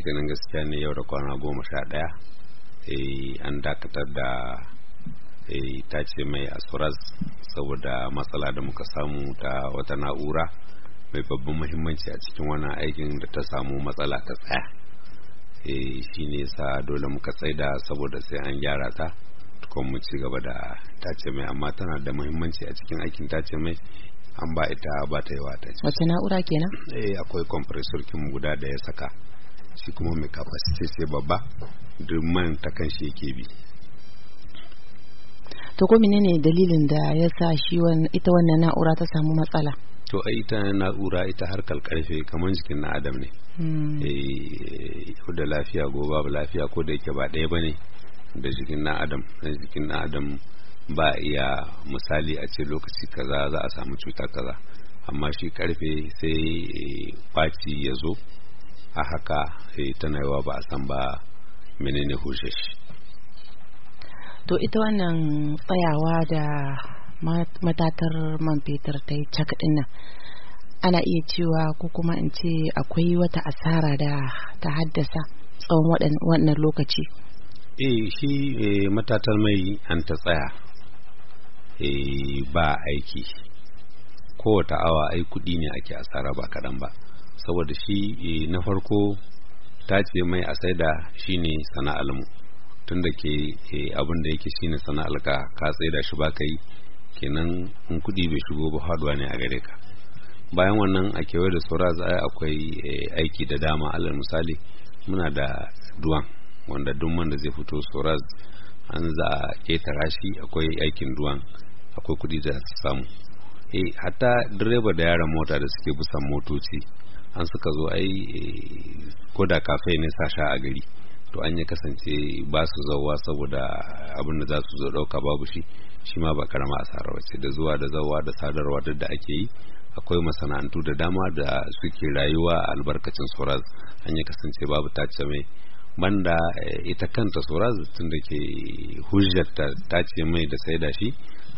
ganin gaskiya ne yau da kwana goma sha ɗaya eh, an dakatar da eh, ta ce mai asuras saboda matsala da muka samu ta wata na'ura mai babban muhimmanci a cikin wannan aikin da ta samu matsala ta tsaya eh, shi ne sa dole muka tsaida saboda sai an gyara ta tukon mu ci gaba da ce mai amma tana da muhimmanci a cikin aikin ta ce mai an ba ita ba ta yi wata wace na'ura kenan eh akwai compressor kin guda da ya saka shi kuma mai capacity sai babba duk man ta kan shi yake bi to ko menene dalilin da ya sa shi ita wannan na'ura ta samu matsala to ai ita na'ura ita harkar karfe kamar jikin na adam ne hmm. eh, yau da lafiya go babu lafiya ko da yake ba ɗaya bane da jikin na adam dan jikin na adam ba iya misali a ce lokaci kaza za a samu cuta kaza amma shi karfe sai eh, kwaci ya zo a haka eh, tana yawa ba a san ba menene hushe shi to ita wannan tsayawa da matatar man fetur ta yi cak dinnan ana iya cewa ko kuma in ce akwai wata asara da ta haddasa tsawon wannan lokaci E, shi e, matatar mai an ta tsaya e, ba aiki kowata awa ai kudi ne ake asara ba kaɗan ba saboda shi eh, na farko ta ce mai a saida shine sana'almu tunda ke eh, abin da yake shine sana'alka ka da shi baka yi kenan in kudi bai shigo ba haduwa ne a gare ka bayan wannan a kewaye da saura za akwai eh, aiki da dama alal misali muna da duwan wanda duk wanda zai fito saura an za a ƙetara shi akwai aikin duwan akwai kuɗi da samu eh hatta direba da yaran mota da suke busan motoci an suka zo ai eh, koda da kafe ne sasha a gari to an ya kasance ba su zauwa saboda abin da za su zo ɗauka babu shi shi ma ba karama asara ce da zuwa da zauwa da sadarwa duk da ake yi akwai masana'antu da dama da suke rayuwa a albarkacin suraz an ya kasance babu tace mai banda eh, ita kanta suraz tun da ke hujjar tace mai da sai da shi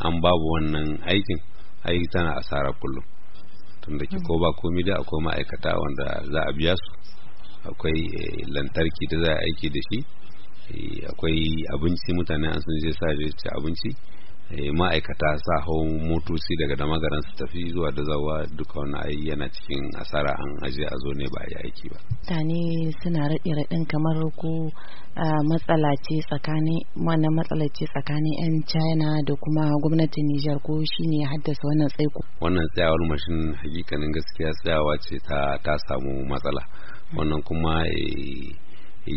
an babu wannan aikin aiki tana asara kullum tunda ke ko ba komi da akwai ma'aikata wanda za a biya su akwai eh, lantarki da za a aiki da shi eh, akwai abinci mutane an sun je sa abinci Eh, ma'aikata sa hau motoci daga dama su tafi zuwa da zawa duka wani ayi yana cikin asara an aje a zo ne ba a yi aiki ba mutane suna raɗe raɗin kamar ko matsala tsakanin wannan matsala tsakanin yan china da kuma gwamnatin nijar ko shi ne ya haddasa wannan tsaiko wannan tsayawar mashin hakikanin gaskiya tsayawa ce ta ta samu matsala wannan kuma eh,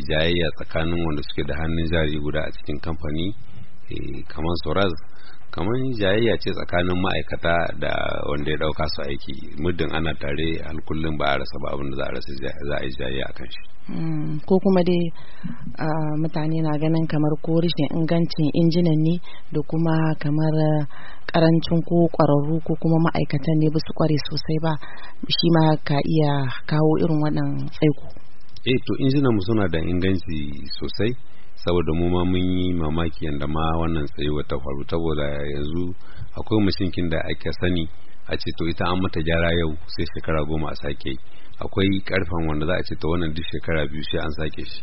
jayayya tsakanin wanda suke da hannun jari guda a cikin kamfani Eh, kamar soraz kamar jayayya ce tsakanin ma'aikata da wanda ya dauka su aiki muddin ana tare alkullin ba a rasa ba abinda za a rasa za a yi jayayya a kan shi hmm, ko kuma dai mutane na ganin kamar ko rashin ingancin injinan ne da kuma kamar karancin ko kwararru ko kuma ma'aikatan ne ba su kware sosai ba shi ma ka iya kawo irin waɗannan tsaiko eh to injinan mu suna da inganci sosai saboda mu ma mun yi mamaki yadda ma wannan tsayuwa ta faru saboda yanzu akwai mashinkin da ake sani a ce to ita an mata gyara yau sai shekara goma a sake akwai karfen wanda za a ce to wannan duk shekara biyu sai an sake shi